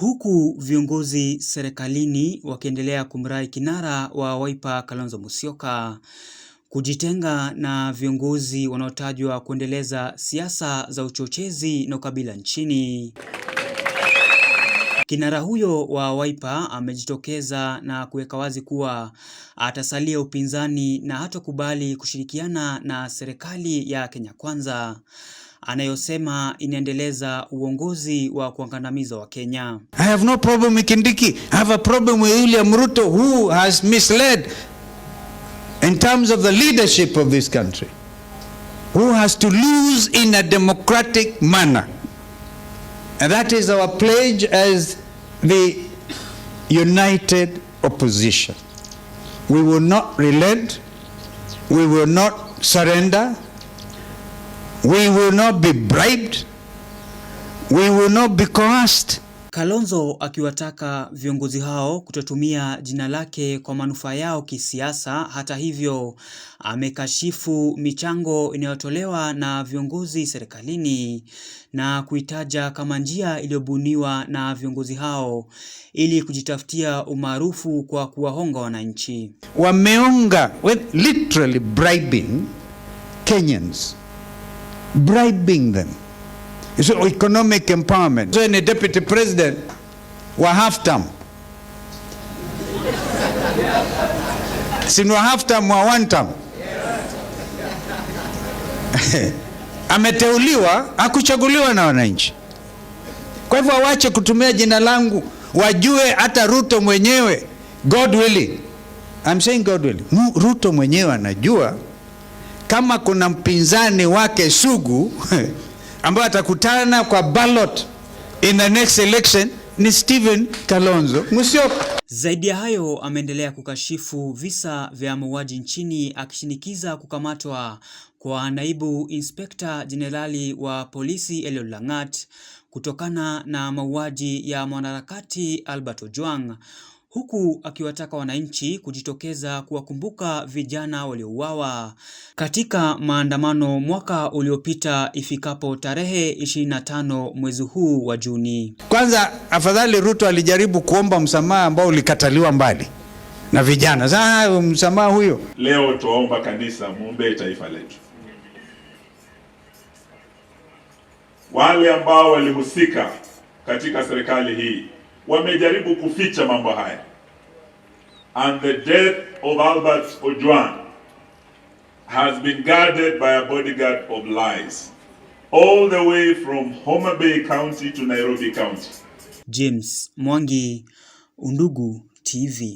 Huku viongozi serikalini wakiendelea kumrai kinara wa Wiper Kalonzo Musyoka kujitenga na viongozi wanaotajwa kuendeleza siasa za uchochezi na ukabila nchini. Kinara huyo wa Wiper amejitokeza na kuweka wazi kuwa atasalia upinzani na hatakubali kushirikiana na serikali ya Kenya Kwanza anayosema inaendeleza uongozi wa kuangamiza wa Kenya. I have no problem with Kindiki. I have a problem with William Ruto who has misled in terms of the leadership of this country who has to lose in a democratic manner. And that is our pledge as the united opposition. We will not relent. We will not surrender. We will not be bribed. We will not be coerced. Kalonzo akiwataka viongozi hao kutotumia jina lake kwa manufaa yao kisiasa. Hata hivyo, amekashifu michango inayotolewa na viongozi serikalini na kuitaja kama njia iliyobuniwa na viongozi hao ili kujitafutia umaarufu kwa kuwahonga wananchi. Wameonga, literally bribing Kenyans bribing them. It's economic empowerment. So, a deputy president wa half term, si half term wa one term ameteuliwa, akuchaguliwa na wananchi. Kwa hivyo wache kutumia jina langu, wajue hata Ruto mwenyewe God willing. I'm saying God willing. Ruto mwenyewe anajua kama kuna mpinzani wake sugu ambaye atakutana kwa ballot in the next election ni Stephen Kalonzo Musyoka. Zaidi ya hayo ameendelea kukashifu visa vya mauaji nchini akishinikiza kukamatwa kwa naibu inspekta jenerali wa polisi Eliud Langat kutokana na mauaji ya mwanaharakati Albert Ojwang huku akiwataka wananchi kujitokeza kuwakumbuka vijana waliouawa katika maandamano mwaka uliopita ifikapo tarehe 25 mwezi huu wa Juni. Kwanza afadhali Ruto alijaribu kuomba msamaha ambao ulikataliwa mbali na vijana. Sasa ah, msamaha huyo, leo tuomba kanisa muombee taifa letu, wale ambao walihusika katika serikali hii wamejaribu kuficha mambo haya. And the death of Albert Ojwang has been guarded by a bodyguard of lies all the way from Homa Bay County to Nairobi County. James Mwangi, Undugu TV.